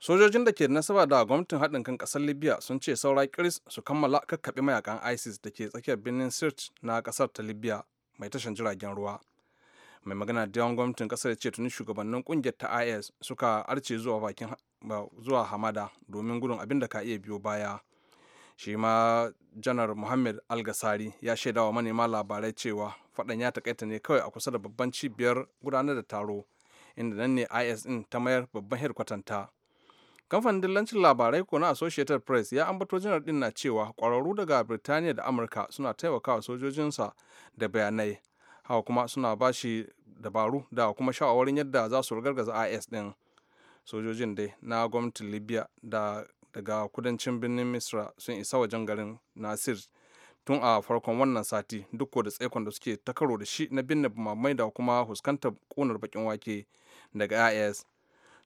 sojojin da ke da nasaba da gwamnatin haɗin kan ƙasar libya sun ce saura kiris su kammala kakkaɓe mayakan isis da ke tsakiyar birnin sirt na ƙasar ta libya mai tashan jiragen ruwa mai magana da yawan gwamnatin ƙasar ce tuni shugabannin ƙungiyar ta is suka arce zuwa bakin zuwa hamada domin gudun abin da ka iya biyo baya shi ma janar muhammad algasari ya shaida wa manema labarai cewa faɗan ya takaita ne kawai a kusa da babban cibiyar gudanar da taro inda nan ne is ɗin ta mayar babban hedkwatanta Kamfanin dillancin labarai ko na Associated Press ya ambato janar din na cewa kwararru daga Birtaniya da Amurka suna taimakawa sojojinsa da bayanai. Hawa kuma suna ba shi dabaru da kuma shawarwarin yadda za su gargaza IS din. Sojojin dai na gwamnatin Libya da daga kudancin birnin Misra sun isa wajen garin Nasir tun a farkon wannan sati duk da tsaikon da suke takaro da shi na binne mamai da kuma huskantar kunar bakin wake daga IS.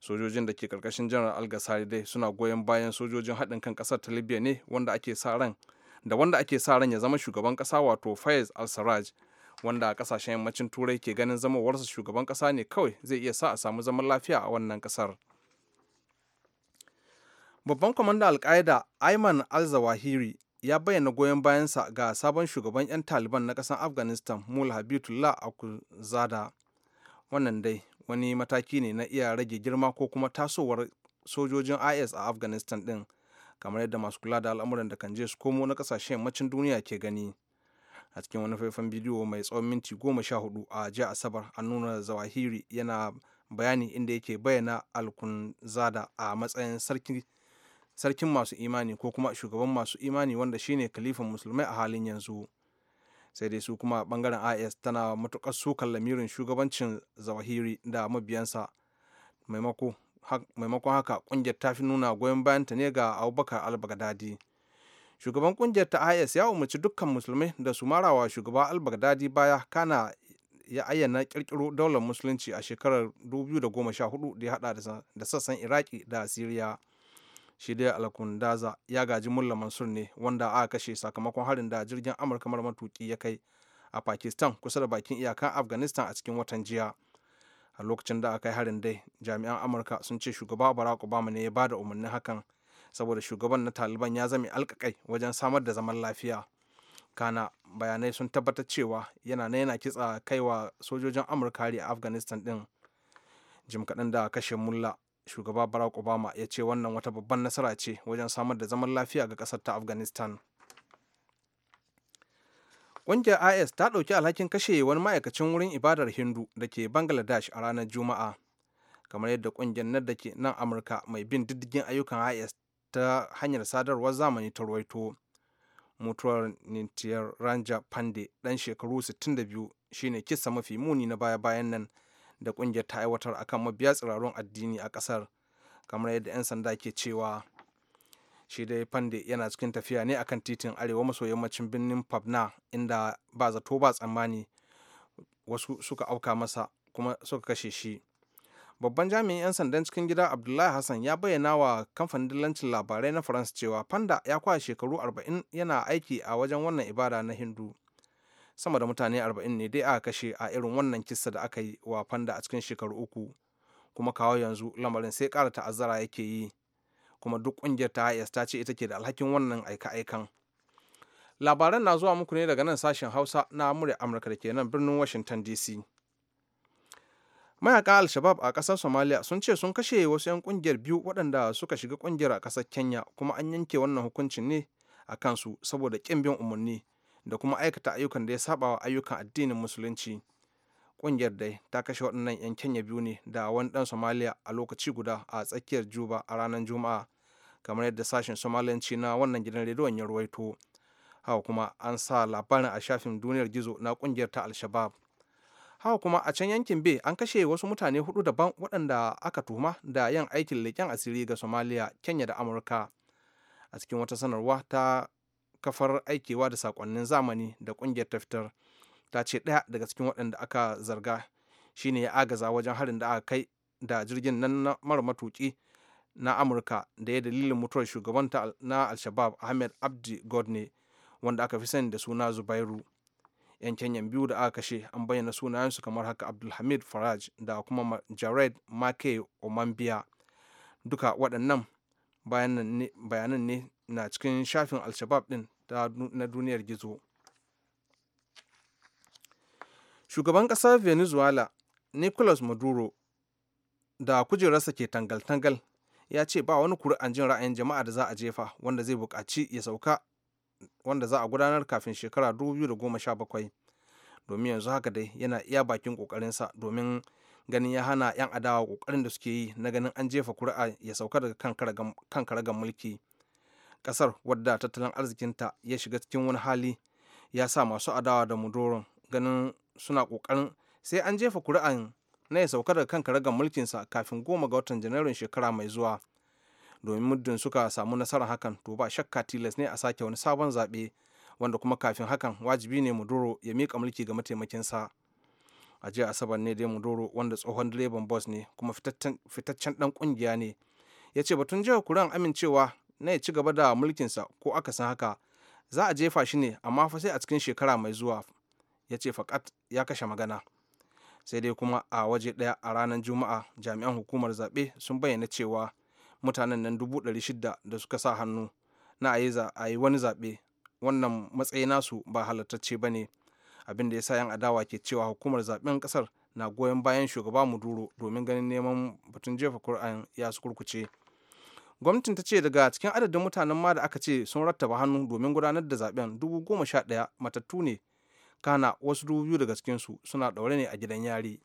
sojojin da ke karkashin janar algasari dai suna goyon bayan sojojin haɗin kan ƙasar ta libya ne wanda ake sa ran da wanda ake sa ran ya zama shugaban ƙasa wato fayez al-sarraj wanda ƙasashen yammacin turai ke ganin zamowarsa shugaban ƙasa ne kawai zai iya sa a samu zaman lafiya a wannan ƙasar babban kwamandan al-qaida ayman al-zawahiri ya bayyana goyon bayansa ga sabon shugaban 'yan taliban na ƙasar afghanistan mul habitullah akuzada wannan dai wani mataki ne na iya rage girma ko kuma tasowar sojojin is a afghanistan din kamar yadda masu kula da al'amuran da kan je su komo na kasashen yammacin duniya ke gani a cikin wani faifan bidiyo mai tsawon minti goma sha hudu a jiya asabar an nuna zawahiri yana bayani inda yake bayyana alkunzada a matsayin sarkin masu imani ko kuma shugaban masu imani wanda shine kalifan musulmai a halin yanzu sai dai su kuma bangaren is tana matukar sukan lamirin shugabancin zawahiri da mabiyansa maimakon haka kungiyar ta fi nuna goyon ta ne ga abubakar al shugaban kungiyar ta is ya umarci dukkan musulmai da su marawa shugaba al-baghdadi baya kana ya ayyana kirkiro daular musulunci a shekarar 2014 da ya hada da sassan iraki da siriya shi dai alkundaza ya gaji mulla mansur ne wanda aka kashe sakamakon harin da jirgin amurka mara matuki ya kai a pakistan kusa da bakin iyakan afghanistan a cikin watan jiya a lokacin da aka yi harin dai jami'an amurka sun ce shugaba barack obama ne ya ba da umarnin hakan saboda shugaban na taliban ya zame alkakai wajen samar da zaman lafiya kana bayanai sun tabbatar cewa yana na yana kitsa kaiwa sojojin amurka a afghanistan din jim kaɗan da kashe mulla shugaba barack obama ya ce wannan wata babban nasara ce wajen samar da zaman lafiya ga kasar ta afghanistan ƙungiyar is ta ɗauki alhakin kashe wani ma'aikacin wurin ibadar hindu da ke bangladesh a ranar juma'a kamar yadda ƙungiyar nan da ke nan amurka mai bin diddigin ayyukan is ta hanyar sadarwar zamani ta ruwaito mutuwar nintiyar ranja pande ɗan shekaru 62 shine kisa mafi muni na baya-bayan nan da kungiyar ta aiwatar akan mabiya tsirarun addini a kasar kamar yadda 'yan sanda ke cewa shi dai fande yana cikin tafiya ne akan titin arewa maso yammacin birnin pabna inda ba zato ba tsammani wasu suka auka masa kuma suka kashe shi babban jami'in 'yan sandan cikin gida abdullahi hassan ya bayyana wa kamfanin dillancin labarai na france cewa fanda ya kwa shekaru 40 yana aiki a wajen wannan ibada na hindu sama da mutane 40 ne dai aka kashe a irin wannan kissa da aka yi wa fanda a cikin shekaru uku kuma kawo yanzu lamarin sai ƙara ta'azzara yake yi kuma duk ƙungiyar ta IS ta ce ita ke da alhakin wannan aika-aikan labaran na zuwa muku ne daga nan sashen hausa na murya amurka da ke nan birnin washington dc mayaka al-shabab a ƙasar somalia sun ce sun kashe wasu 'yan ƙungiyar biyu waɗanda suka shiga ƙungiyar a ƙasar kenya kuma an yanke wannan hukuncin ne a kansu saboda ƙin bin umarni da kuma aikata ayyukan da ya saba wa ayyukan addinin musulunci ƙungiyar dai ta kashe waɗannan 'yan kenya biyu ne da wani ɗan somaliya a lokaci guda a tsakiyar juba a ranar juma'a kamar yadda sashen somaliyanci na wannan gidan rediyon ya ruwaito haka kuma an sa labarin a shafin duniyar gizo na ƙungiyar ta alshabab hawa kuma a can yankin bay an kashe wasu mutane hudu daban waɗanda aka tuhuma da yin aikin leƙen asiri ga somaliya kenya da amurka a cikin wata sanarwa ta kafar aikewa da sakonnin zamani da kungiyar ta fitar ta ce ɗaya daga cikin waɗanda aka zarga shine ya agaza wajen harin da aka kai da jirgin nan mara matuki na amurka da ya dalilin mutuwar shugaban na al-shabab ahmed abdi godne wanda aka fi sani da suna zubairu yan kenyan biyu da aka kashe an bayyana sunayensu kamar haka abdulhamid faraj da kuma jared make omambiya duka waɗannan bayanan ne na cikin shafin al-shabab ɗin na duniyar gizo shugaban ƙasar venezuela nicolas maduro da kujerarsa ke tangal-tangal ya ce ba wani kuri'an jin ra'ayin jama'a da za a jefa wanda zai buƙaci ya sauka wanda za a gudanar kafin shekara 2017 domin yanzu haka dai yana iya bakin ƙoƙarinsa domin ganin ya hana 'yan adawa ƙoƙarin da suke yi na ganin an jefa kuri'a ya sauka daga kan karagan mulki kasar wadda tattalin arzikinta ya shiga cikin wani hali ya sa masu adawa da mudoron ganin suna kokarin sai an jefa kuri'an na ya sauka daga kan karagar mulkinsa kafin goma ga watan janairun shekara mai zuwa domin muddin suka samu nasarar hakan to ba shakka tilas ne a sake wani sabon zaɓe wanda kuma kafin hakan wajibi ne mudoro ya miƙa mulki ga mataimakinsa a jiya asabar ne dai mudoro wanda tsohon direban bus ne kuma fitaccen dan kungiya ne ya ce batun jihar kuran amincewa na ya ci gaba da mulkinsa ko aka san haka za a jefa shi ne amma fa sai a cikin shekara mai zuwa ya ce fakat ya kashe magana sai dai kuma a waje ɗaya a ranar juma'a jami'an hukumar zaɓe sun bayyana cewa mutanen nan dubu ɗari shida da suka sa hannu na a yi wani zaɓe wannan matsayi nasu ba halartacce ba ne abin da ya sa yan adawa ke cewa hukumar zaɓen ƙasar na goyon bayan shugaba muduro domin ganin neman batun jefa kur'an ya su kurkuce gwamnatin ta ce daga cikin adadin mutanen ma da aka ce sun rattaba hannu domin gudanar da zaben dubu goma sha ɗaya matattu ne kana wasu dubu biyu daga cikinsu suna ɗaure ne a gidan yari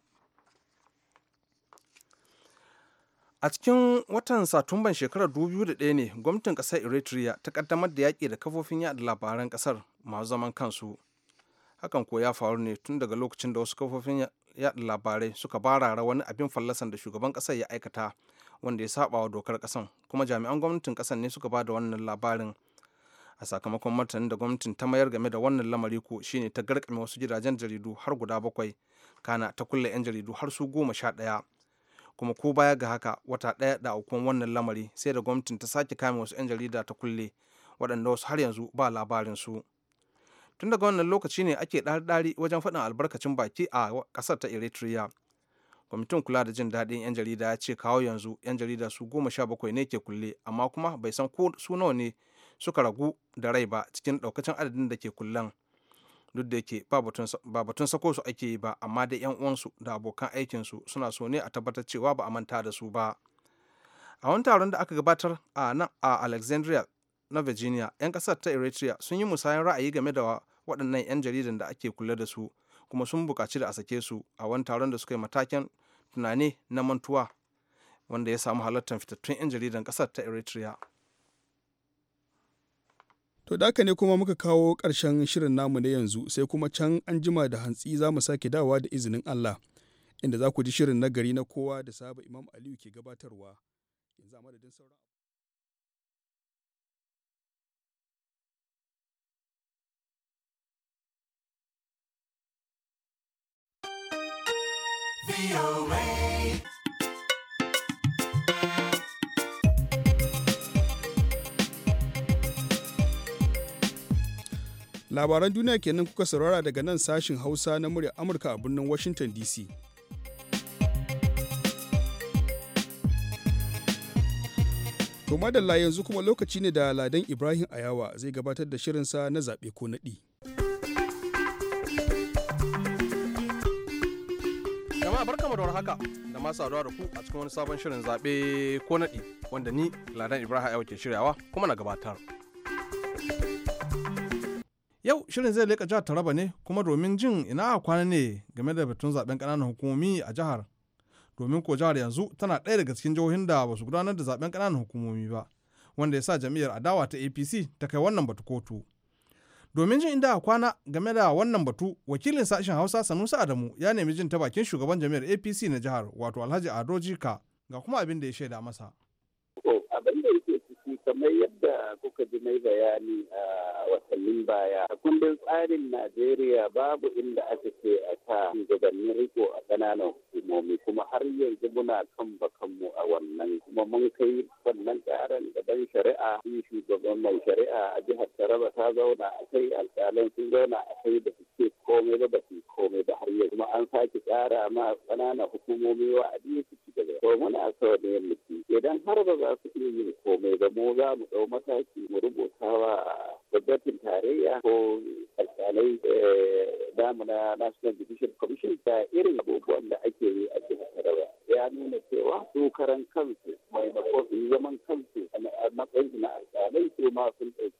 a cikin watan satumban shekarar 2001 ne gwamnatin ƙasar eritrea ta ƙaddamar da yaƙi da kafofin yaɗa labaran ƙasar masu zaman kansu hakan ko ya faru ne tun daga lokacin da wasu kafofin yaɗa labarai suka barara wani abin fallasan da shugaban ƙasar ya aikata wanda ya saba wa dokar kasan kuma jami'an gwamnatin kasan ne suka ba da wannan labarin a sakamakon martanin da gwamnatin ta mayar game da wannan lamari ko shine ta garkame wasu gidajen jaridu har guda bakwai kana ta kulle 'yan jaridu har su goma sha ɗaya kuma ko baya ga haka wata ɗaya da aukuwan wannan lamari sai da gwamnatin ta sake kame wasu 'yan jarida ta kulle waɗanda wasu har yanzu ba labarin su tun daga wannan lokaci ne ake ɗari-ɗari wajen faɗin albarkacin baki a ƙasar ta eritrea kwamitin kula da jin daɗin 'yan jarida ya ce kawo yanzu 'yan jarida su goma sha bakwai ne ke kulle amma kuma bai san ko su nawa ne suka ragu da rai ba cikin ɗaukacin adadin da ke kullen duk da yake ba batun sako su ake yi ba amma dai 'yan uwansu da abokan aikinsu suna so ne a tabbatar cewa ba a manta da su ba a wani taron da aka gabatar a nan a alexandria na virginia 'yan ƙasar ta eritrea sun yi musayar ra'ayi game da waɗannan 'yan jaridan da ake kula da su kuma sun buƙaci da a sake su a wani taron da suka yi matakin tunani na mantuwa wanda ya samu halartar fitattun 'yan jaridan ƙasar ta eritrea To daka ne kuma muka kawo ƙarshen shirin namu na yanzu sai kuma can an jima da hantsi za mu sake dawa da izinin Allah inda za ku ji shirin nagari na kowa da saba Imam Aliyu ke gabatarwa. Yanzu a madadin sauran labaran duniya kenan kuka saurara daga nan sashin hausa na murya amurka a birnin washington dc to madalla yanzu kuma lokaci ne da ladan ibrahim ayawa zai gabatar da shirinsa na zaɓe ko naɗi Jama'a barkamu da haka da masu saduwa da ku a cikin wani sabon shirin zaɓe ko naɗi wanda ni Ladan Ibrahim Ayo ke shiryawa kuma na gabatar. Yau shirin zai leƙa jihar Taraba ne kuma domin jin ina a kwana ne game da batun zaɓen ƙananan hukumomi a jihar. Domin ko jihar yanzu tana ɗaya daga cikin jihohin da ba su gudanar da zaɓen ƙananan hukumomi ba. Wanda ya sa jam'iyyar adawa ta APC ta kai wannan batu kotu. Domin jin inda kwana game da wannan batu, wakilin sashen Hausa sanusa Adamu ya nemi jin ta bakin shugaban jami'ar APC na jihar, wato Alhaji Ado Jika, ga kuma abin da ya shaida masa. kamar yadda kuka ji mai bayani a watannin baya kundin tsarin najeriya babu inda aka ce a ta shugabannin riko a ƙananan hukumomi kuma har yanzu muna kan bakanmu a wannan kuma mun kai wannan tsarin ban shari'a shi shugaban mai shari'a a jihar taraba ta zauna a kai alƙalan sun zauna a kai da suke komai ba ba su komai ba har yanzu kuma an sake tsara ma ƙananan hukumomi wa'adi su ci gaba to muna so ne mutum idan har ba za su iya yin komai ba mu za mu ɗau mataki mu rubutawa a gwamnatin tarayya ko alƙalai eh, namu na National Judicial Commission da irin abubuwan da ake yi a jihar Taraba. Ya nuna cewa su karan kansu maimakon zaman kansu a matsayin na alƙalai su ma sun ɗauki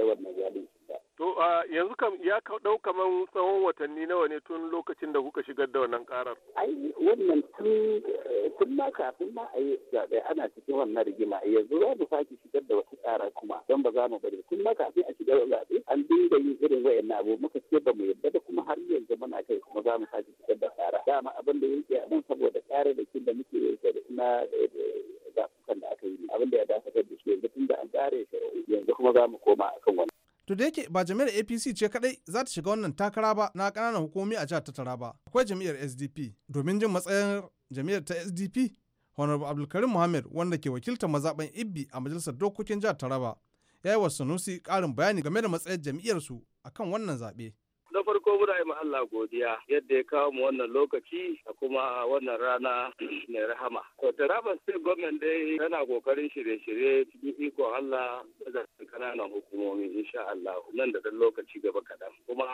da wannan zalunci ba. To yanzu kam ya ɗau kaman tsawon watanni nawa ne tun lokacin da kuka shigar da wannan ƙarar? Ai wannan tun eh, tun ma kafin ma a yi zaɓe ana cikin wannan rigima yanzu za mu sake shigar da wasu kara kuma don ba za mu bari tun ma kafin a shigar da zaɓe an dinga yin irin wa'annan abu muka ce ba mu yarda da kuma har yanzu muna kai kuma za mu sake shigar da ƙara. Dama abin da yake a nan saboda ƙara da da muke yi na eh, zaɓukan da aka yi abin da ya dafa da shi yanzu tun da an tsare yanzu kuma za mu koma to da yake ba jami'ar apc ce kadai za ta shiga wannan takara ba na kananan hukumomi a jihar ta taraba akwai jami'ar sdp domin jin matsayin jami'ar ta sdp honorable abdulkarim muhammad wanda ke wakiltar mazaɓan ibbi a majalisar dokokin jihar taraba ya yi wa sanusi karin bayani game da matsayin su akan wannan zaɓe. na farko muna yi Allah godiya yadda ya kawo mu wannan lokaci a kuma wannan rana mai rahama. To Taraba State Government dai yana kokarin shirye-shirye cikin iko Allah da kananan hukumomi insha Allah nan da dan lokaci gaba kaɗan. Kuma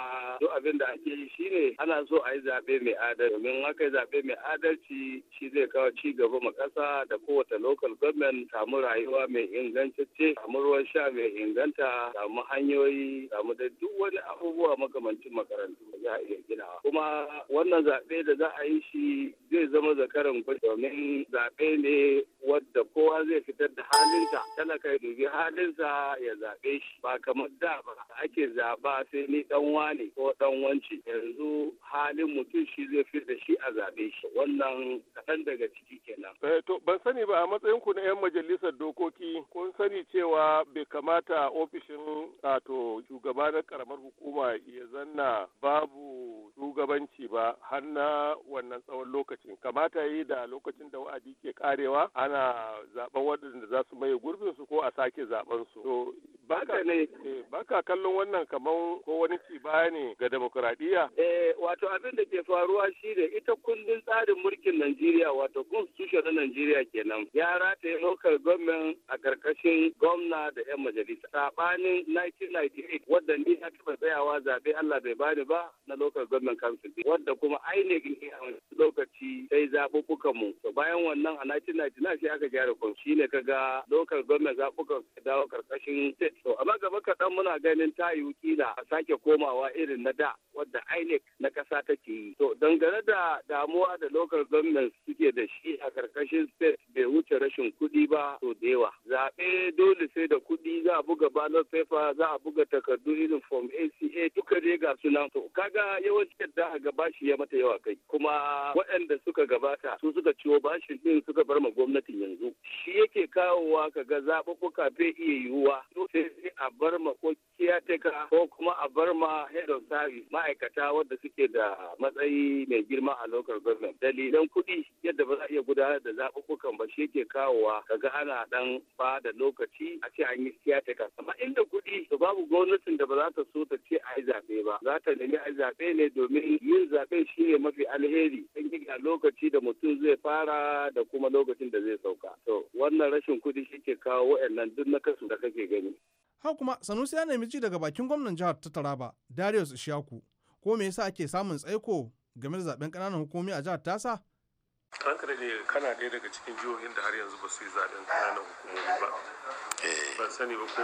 duk abin da ake yi shine ana so a yi zaɓe mai adalci domin haka yi zaɓe mai adalci shi zai kawo ci gaba ma ƙasa da kowace local government samu rayuwa mai ingantacce samu ruwan sha mai inganta samu hanyoyi samu da duk wani abubuwa makamancin makarantu da za a iya gina Kuma wannan zaɓe da za a yi shi zai zama zakaran kwaje domin zaɓe ne wadda kowa zai fitar da halinsa talaka ya dubi halinsa ya zaɓe shi ba kamar da ba ake zaɓa sai ni dan wane ko dan wanci yanzu halin mutum shi zai fi da shi a zaɓe shi wannan kaɗan daga ciki kenan. Eh, to ban sani ba a matsayin ku na 'yan majalisar dokoki kun sani cewa bai kamata ofishin wato shugaba na karamar hukuma ya zanna babu shugabanci ba har na wannan tsawon lokacin kamata yi da lokacin da wa'adi ke karewa ana zaɓen waɗanda za su maye gurbin su ko a sake zaɓen su. Baka ne. Eh, Baka kallon wannan kamar ko wani ci baya ne ga demokuraɗiyya? Eh, wato abin da ke faruwa shi ne ita kundin tsarin mulkin Najeriya wato constitution na Najeriya kenan. Ya rataye local government a karkashin gwamna da 'yan majalisa. Saɓanin 1998 wadda ni na taɓa tsayawa zaɓe Allah bai bani ba na local government council. Wadda kuma ainihin ne a lokaci sai zaɓuɓɓukan mu. To bayan wannan a 1999 sai aka gyara shi ne kaga local government zaɓuɓɓukan dawo karkashin to amma gaba kaɗan muna ganin ta yiwu kila a sake komawa irin na da wadda INEC na ƙasa take yi. To dangane da damuwa da local government suke da shi a ƙarƙashin state bai wuce rashin kuɗi ba to da yawa. Zaɓe dole sai da kuɗi za a buga ballot paper za a buga takardu irin form ACA duka dai ga sunan. To kaga yawancin da a gaba shi ya mata yawa kai kuma waɗanda suka gabata su suka ciwo bashin din suka bar ma gwamnatin yanzu. Shi yake kawowa kaga zaɓuɓɓuka bai iya yiwuwa su sai a bar ma ko kiyateka ko kuma a bar ma head of service ma'aikata wadda suke da matsayi mai girma a local government dalilan kuɗi yadda ba za a iya gudanar da zaɓuɓɓukan ba shi yake kawowa kaga ana dan ba da lokaci a ce an yi kiyateka amma inda kuɗi to babu gwamnatin da ba za ta so ta ce a yi zaɓe ba za ta nemi a yi zaɓe ne domin yin zaɓe shi ne mafi alheri a lokaci da mutum zai fara da kuma lokacin da zai sauka to wannan rashin kuɗi shi ke kawo waɗannan duk na kasu da kake gani ne. Ha kuma Sanusi ya nemi ji daga bakin gwamnan jihar ta Taraba, Darius Ishaku, ko me yasa ake samun tsaiko game da zaben kananan hukumi a jihar tasa? Kanka da kana daya daga cikin jihohin da har yanzu ba su yi zaben ƙananan hukumomi ba. Eh. ban sani ba ko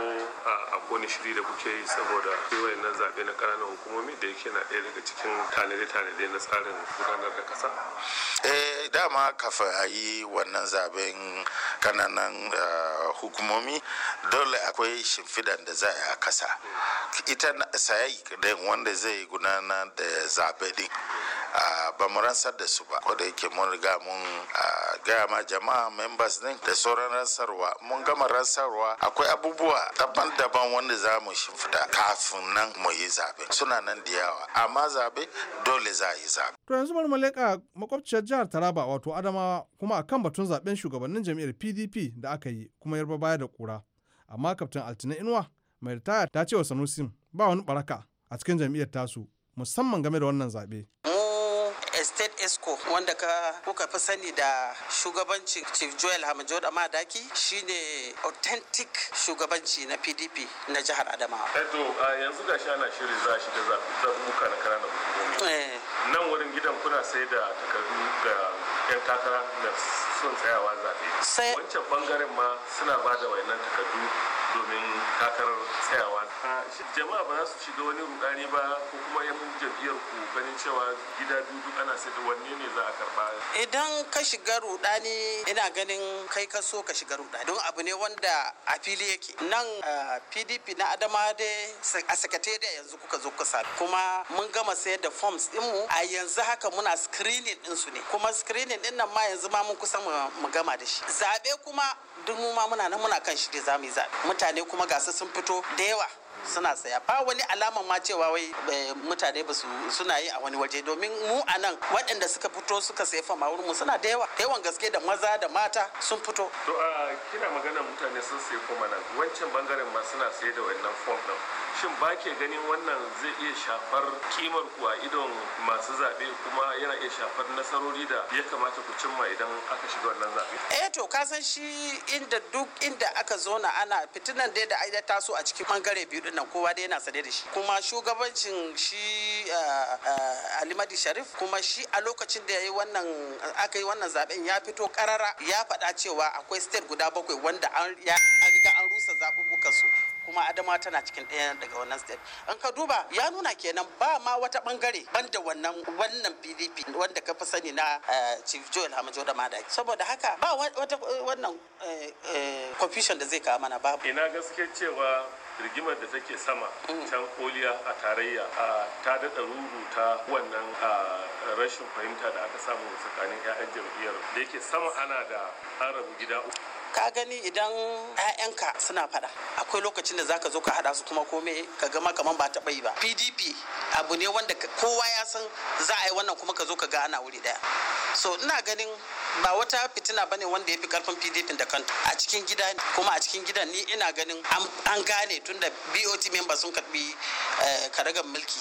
a kone shiri da kuke yi saboda kewayen nan zaɓe na ƙananan hukumomi da yake na ɗaya daga cikin tanade-tanade na tsarin gudanar da ƙasa eh dama kafin a yi wannan zaben kananan eh, hukumomi dole akwai shimfidan da za a kasa ita sayayi wanda zai gudanar da zaɓe din ba mu ransar da su ba ko da yake mun riga mun gaya ma jama'a members din da sauran ransarwa mun gama ransarwa akwai abubuwa daban-daban wanda za mu shimfida kafin nan mu yi zabe suna nan da yawa amma zabe dole za a yi zabe to yanzu bari mu leka makwabciyar jihar Taraba wato Adamawa kuma akan batun zaben shugabannin jam'iyyar PDP da aka yi kuma yarba baya da kura amma kaftin Altina Inuwa mai ritaya ta ce wa Sanusi ba wani baraka a cikin jam'iyyar tasu musamman game da wannan zaɓe. State esco wanda ka kuka fi sani da shugabanci chief joel hamajod amadaki shine authentic shugabanci na pdp na jihar adamawa eto eh yanzu gashi ana shirin za shi da zaɓuɓɓuka na kana eh. nan wurin gidan kuna sai da takardu ga 'yan takara da sun tsayawa zaɓe wancan bangaren ma suna ba da wayannan takardu domin kakar tsayawa jama'a ba za su shiga wani rudani ba ko kuma yan jam'iyyar ku ganin cewa gida dudu ana sai da wanne ne za a karba idan ka shiga rudani ina ganin kai ka so ka shiga rudani don abu ne wanda a fili yake nan pdp na adama da a da yanzu kuka zo kuka sami kuma mun gama sayar da forms mu a yanzu haka muna screening din su ne kuma screening din nan ma yanzu ma mun kusa mu gama da shi zaɓe kuma duk ma muna nan muna kan shi da za mu yi zaɓe mutane kuma gasa sun fito da yawa suna saya ba wani alama ma cewa wai eh, mutane ba suna yi a wani waje domin mu a nan waɗanda suka fito suka sai fama wurin mu suna da yawa yawan gaske da maza da mata sun fito to a kina magana mutane sun sayi kuma nan wancan bangaren ma suna saye da wannan fom din shin ba ke ganin wannan zai iya shafar kimar ku a idon masu zaɓe kuma yana iya shafar nasarori da ya kamata ku cimma idan aka shiga wannan zaɓe eh to kasan shi inda duk inda aka zo na ana fitinan dai da ai taso a cikin bangare biyu din nan kowa dai yana sane da shi kuma shugabancin shi eh, eh, alimadi sharif kuma shi a lokacin da ya yi wannan aka yi wannan zaben ya fito karara ya faɗa cewa akwai state guda bakwai wanda an riga an rusa zaɓuɓɓukan su kuma adama tana cikin ɗaya daga wannan state an ka duba ya nuna kenan ba ma wata bangare banda wannan wannan pdp wanda ka fi sani na eh, chief joel hamajo da madaki saboda haka ba wata wannan confusion da zai kawo mana babu ina gaske cewa rigimar da take sama mm. can koliya a tarayya ta daɗa rubuta wannan rashin fahimta da aka samu tsakanin 'ya'yan jam'iyyar da yake sama ana da an gida ka gani idan 'ya'yanka suna fada akwai lokacin da zaka zo ka hada su kuma kome ka gama kaman ba taɓa yi ba pdp abu ne wanda kowa ya san za a yi wannan kuma ka zo ka ga ana wuri daya so ina ganin ba wata fitina bane wanda ya fi karfin pdp da kanta a cikin gida kuma a cikin gidan ni ina ganin an gane tunda bot member sun karbi eh, karagar mulki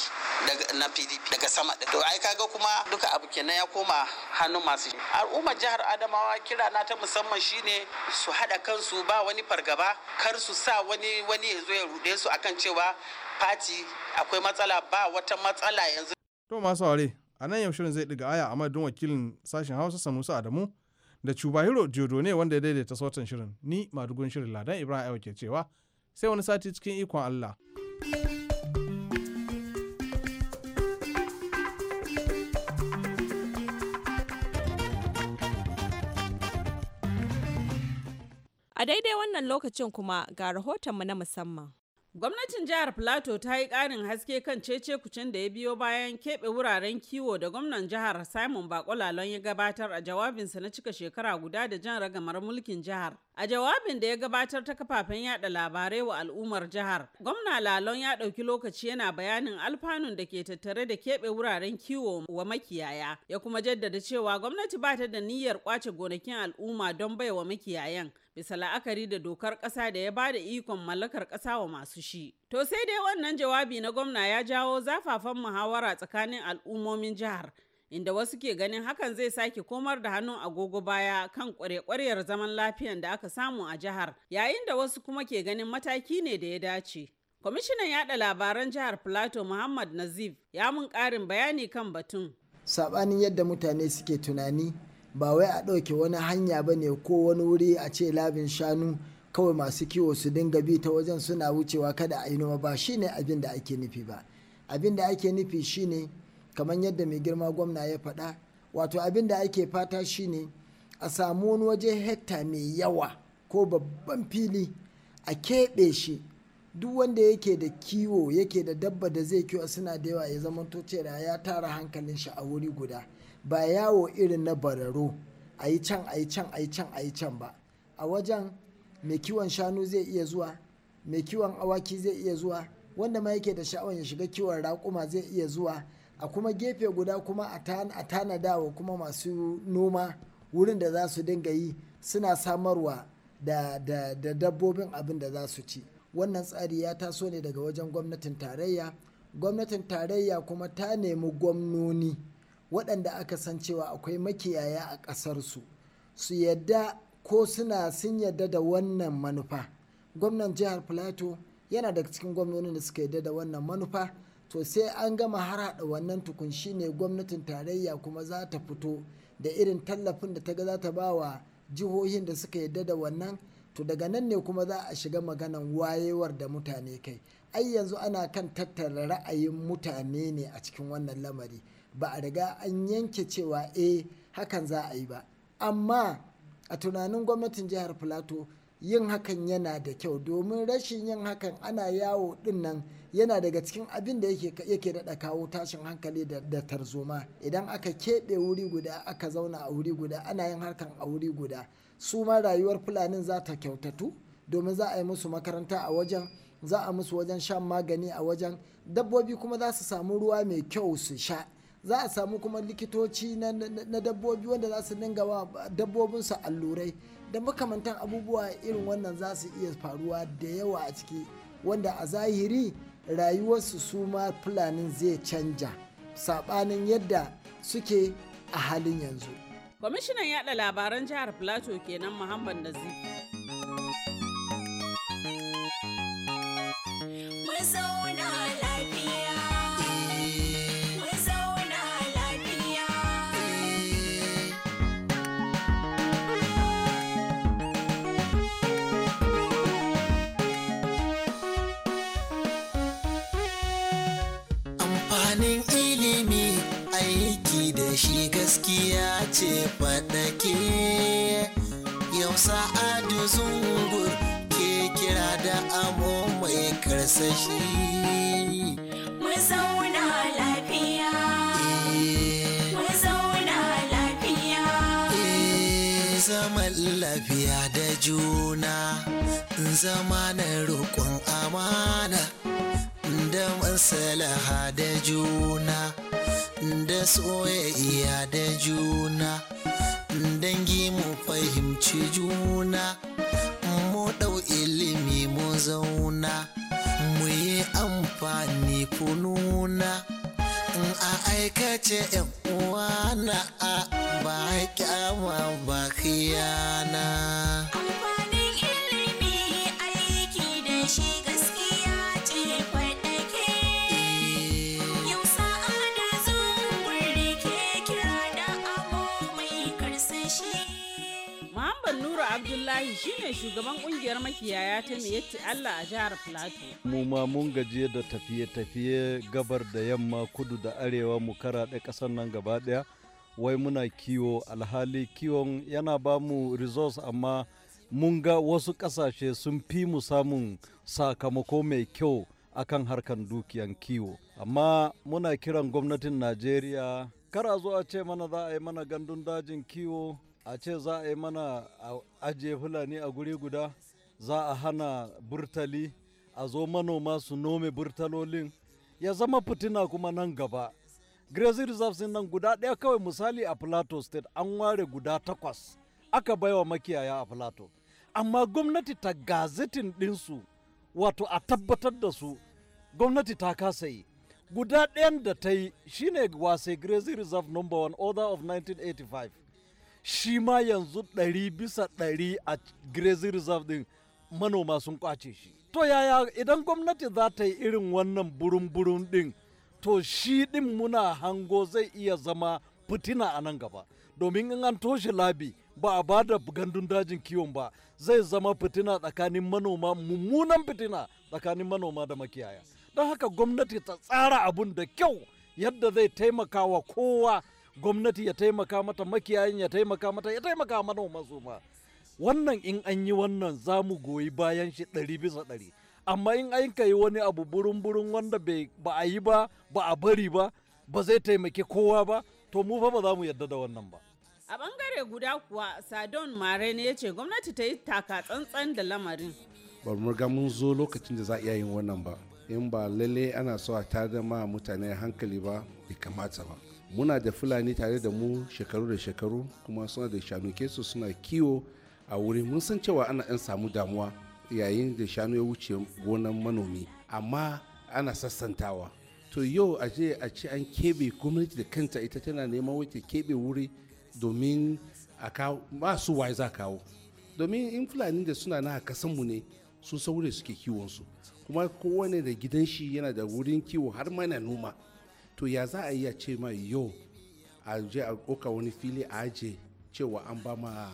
na pdp daga sama da ai kaga kuma duka abu kenan ya koma hannun masu shi. al'ummar jihar adamawa kira na ta musamman shine su haɗa kansu ba wani fargaba kar su sa wani wani ya zo ya rude su akan cewa fati akwai matsala ba wata matsala yanzu to masu a nan yau shirin zai ɗiga aya a madadin wakilin sashen hausa sanusa adamu da cubahiro jodo ne wanda ya daidaita sautin shirin ni madugun shirin ladan ibrahim aiwa ke cewa sai wani sati cikin ikon allah a daidai wannan lokacin kuma ga rahotonmu na musamman Gwamnatin jihar Plateau ta yi ƙarin haske kan cece kucin da ya biyo bayan keɓe wuraren kiwo da gwamnan jihar Simon Bakolalon ya gabatar a jawabinsa na cika shekara guda da jan ragamar mulkin jihar. A jawabin da ya gabatar ta kafafen yada labarai wa al'ummar jihar, gwamna Lalon ya ɗauki lokaci yana bayanin alfanun da ke tattare da keɓe wuraren kiwo wa makiyaya, ya kuma jaddada cewa gwamnati ba ta da niyyar ƙwace gonakin al'umma don bai wa makiyayan, bisa la'akari da dokar ƙasa da ya ba da ikon mallakar ƙasa wa masu shi. To sai dai wannan jawabi na gwamna ya jawo zafafan muhawara tsakanin al'ummomin jihar. inda wasu ke ganin hakan zai sake komar da hannun agogo baya kan kware zaman lafiyan da aka samu a jihar yayin da wasu kuma ke ganin mataki ne da ya dace kwamishinan yada labaran jihar plateau muhammad nazif ya mun karin bayani kan batun sabanin yadda mutane suke tunani ba wai a ɗauke wani hanya ba ne ko wani wuri a ce labin shanu kawai masu kiwo su dinga bi ta wajen suna wucewa kada a yi noma ba shine abin da ake nufi ba abin da ake nufi shine kamar yadda mai girma gwamna ya faɗa wato abin da ake fata shine a samu wani waje hekta mai yawa ko babban fili a keɓe shi duk wanda yake da kiwo yake da dabba da zai kiwo suna da yawa ya zama cewa ya tara hankalin shi a wuri guda ba yawo irin na bararo a yi can a yi can a yi can a yi can ba a wajen mai kiwon shanu zai iya zuwa mai kiwon awaki zai iya zuwa wanda ma yake da sha'awar ya shiga kiwon raƙuma zai iya zuwa a kuma gefe guda kuma a tanadawa kuma masu noma wurin da za su dinga yi suna samarwa da, dabbobin abin da za su ci wannan tsari ya taso ne daga wajen gwamnatin tarayya gwamnatin tarayya kuma ta nemi gwamnoni waɗanda aka san cewa akwai makiyaya a ƙasarsu su yadda ko suna sun yadda da wannan manufa gwamnan jihar plateau yana daga cikin gwamnoni da suka yadda da wannan manufa to sai an gama harhaɗa wannan tukun shine gwamnatin tarayya kuma za ta fito da irin tallafin da ta ga za ta ba wa jihohin da suka yadda da wannan to daga nan ne kuma za a shiga maganan wayewar da mutane kai ai yanzu ana kan tattara ra'ayin mutane ne a cikin wannan lamari ba a riga an yanke cewa eh hakan za a yi ba amma a tunanin gwamnatin jihar plateau yin hakan yana da kyau domin rashin yin hakan ana yawo dinnan yana daga cikin abin da yake daɗa kawo tashin hankali da tarzoma idan aka keɓe wuri guda aka zauna a wuri guda ana yin harkan a wuri guda su ma rayuwar fulanin za ta kyautatu domin za a yi musu makaranta a wajen za a musu wajen shan magani a wajen dabbobi kuma za su samu ruwa mai kyau su sha za a samu kuma likitoci na dabbobi wanda za su dinga wa dabbobinsu allurai da makamantan abubuwa irin wannan za su iya faruwa da yawa a ciki wanda a zahiri rayuwarsu su ma fulanin zai canja saɓanin yadda suke a halin yanzu kwamishinan yada labaran jihar plateau kenan muhammad nazifi. amfanin ilimi aiki da shi gaskiya ce faɗake yau sa'adu zungur ke kira da amo mai karsashi eh. eh, zaman lafiya da juna zama na roƙon amana da masalaha da juna da soyayya da juna dangi mu fahimci juna mu ɗau ilimi mu zauna mu yi amfani kununa in a aikace uwa na a ba kyawa ba khiyana amfanin ilimi aiki da shi Abdullahi shine shugaban kungiyar makiyaya ta Miyetti Allah a jihar Filato. Mu ma mun gaje da tafiye-tafiye gabar da yamma kudu da arewa mu karaɗe ƙasar nan gaba ɗaya. Wai muna kiwo alhali kiwon yana ba mu resource amma mun ga wasu ƙasashe sun fi mu samun sakamako mai kyau akan harkan dukiyan kiwo. Amma muna kiran gwamnatin Najeriya kara zuwa ce mana za a yi mana gandun dajin kiwo a ce za a yi mana ajiye fulani a guri guda za a hana burtali a zo manoma su nome burtalolin ya zama fitina kuma nan gaba grazing reserves nan guda ɗaya kawai misali a plateau state an ware guda takwas aka baiwa makiyaya a plateau amma gwamnati ta gazetin ɗinsu wato a tabbatar da su gwamnati ta kasa yi guda ɗayan da ta yi shine wasai grazing reserve number one order of 1985 shi ma yanzu ɗari bisa ɗari a grazing reserve ɗin manoma sun kwace shi to yaya idan gwamnati za ta yi irin wannan burin-burin ɗin to shi ɗin muna hango zai iya zama fitina a nan gaba domin in an toshe labi ba a ba da gandun dajin kiwon ba zai zama fitina tsakanin manoma mummunan fitina tsakanin manoma da makiyaya don haka gwamnati ta tsara abun da kyau yadda zai taimaka wa kowa gwamnati ya taimaka mata makiyayin ya taimaka mata ya taimaka mana masu ma wannan in an yi wannan za mu goyi bayan shi ɗari bisa ɗari amma in an yi wani abu burin burin wanda ba a yi ba ba a bari ba ba zai taimaki kowa ba to mu fa ba za mu yarda da wannan ba a bangare guda kuwa sadon mare ne ya ce gwamnati ta yi taka tsantsan da lamarin ba mu ga mun zo lokacin da za a iya yin wannan ba in ba lalle ana so a tada ma mutane hankali ba bai kamata ba muna da fulani tare da mu shekaru da shekaru kuma suna da shanu su suna kiwo a wuri mun san cewa ana yan samu damuwa yayin da shanu ya wuce gonan manomi amma ana sassantawa to yau a je a ce an keɓe gwamnati da kanta ita tana neman wata keɓe wuri domin a kawo masu waye za kawo domin in fulani da suna na a mu ne sun saure suke kiwonsu kuma kowane da gidan shi yana da wurin kiwo har mana noma to ya za a iya ce mai yo a je a koka wani fili a aje cewa an ba ma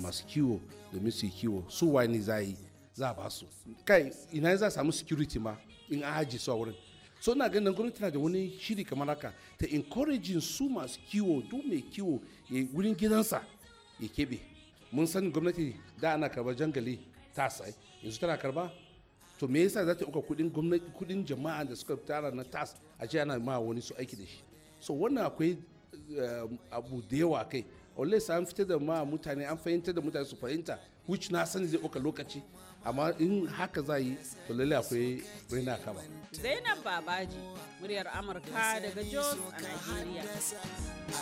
masu kiwo domin su yi kiwo su wani za yi za a ba su kai ina za samu security ma in an aje su a wurin so na ganin gwamnati na da wani shiri kamar haka ta encouraging su masu kiwo duk mai kiwo ya wurin gidansa ya keɓe mun sani gwamnati da ana karba jangali ta sai eh. yanzu tana karba to me yasa za ta ɗauka kuɗin gwamnati kuɗin jama'a da suka tara na tas a ce ana ma wani su aiki da shi so wannan akwai eh, abu da yawa kai unless an fita da ma mutane an fahimtar da mutane su fahimta which na sani zai ɗauka lokaci amma in haka za yi to lalle akwai raina ba. zainab babaji muryar amurka daga jos a nigeria.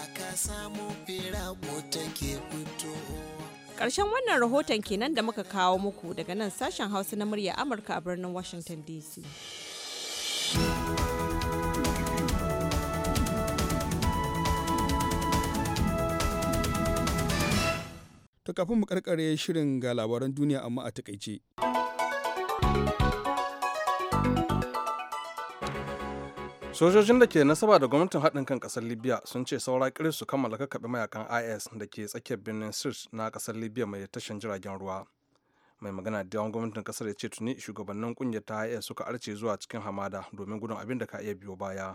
Aka samu fira ko take fito. Ƙarshen wannan rahoton kenan da muka kawo muku daga nan sashen Hausa na murya Amurka a birnin Washington DC. To kafin mu karkare shirin ga labaran duniya amma a takaice. sojojin da ke nasaba da gwamnatin haɗin kan ƙasar libya sun ce saura kiris su kammala kakkaɓe mayakan is da ke tsakiyar birnin sirs na ƙasar libya mai tashin jiragen ruwa mai magana da yawan gwamnatin ƙasar ya ce tuni shugabannin ƙungiyar ta is suka arce zuwa cikin hamada domin gudun abin da ka iya biyo baya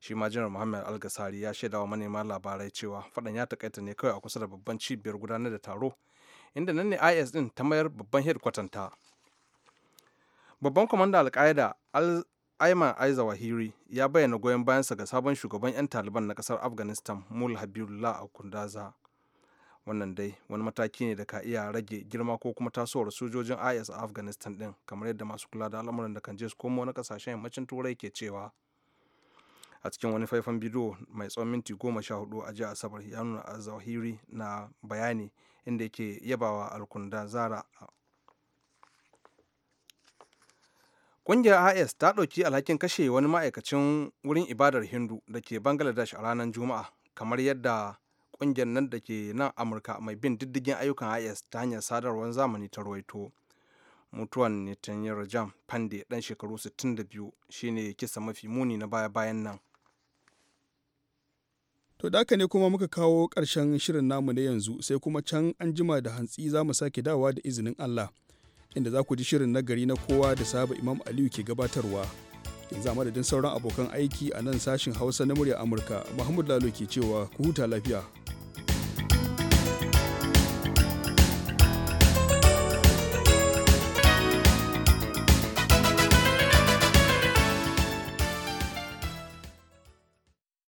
shi ma janar muhammad algasari ya shaida wa manema labarai cewa faɗan ya takaita ne kawai a kusa da babban cibiyar gudanar da taro inda nan ne is din ta mayar babban headkwatanta babban kwamandan alkaida ayman aiza wahiri ya bayyana goyon bayansa ga sabon shugaban 'yan taliban na kasar afghanistan mul habibullah a wannan dai wani mataki ne da ka iya rage girma ko kuma tasowar sojojin is a afghanistan din kamar yadda masu kula da al'amuran da kan je su komo na kasashen yammacin turai ke cewa a cikin wani faifan bidiyo mai tsawon minti goma sha hudu a jiya asabar ya nuna azahiri na bayani inda yake yabawa alkunda Ƙungiyar IS ta ɗauki alhakin kashe wani ma'aikacin wurin ibadar Hindu da ke Bangladesh a ranar Juma'a, kamar yadda ƙungiyar nan da ke nan Amurka mai bin diddigin ayyukan IS ta hanyar sadarwar zamani ta ruwaito. Mutuwan Netanyahu Rajam Pande ɗan shekaru 62 shine kisa mafi muni na baya-bayan nan. To da ne kuma muka kawo ƙarshen shirin namu na yanzu sai kuma can an jima da hantsi za mu sake dawa da izinin Allah. inda za ku ji shirin nagari na kowa da saba Imam Aliyu ke gabatarwa. Yanzu a madadin sauran abokan aiki a nan sashin Hausa na murya Amurka, Muhammadu Lalo ke cewa ku huta lafiya.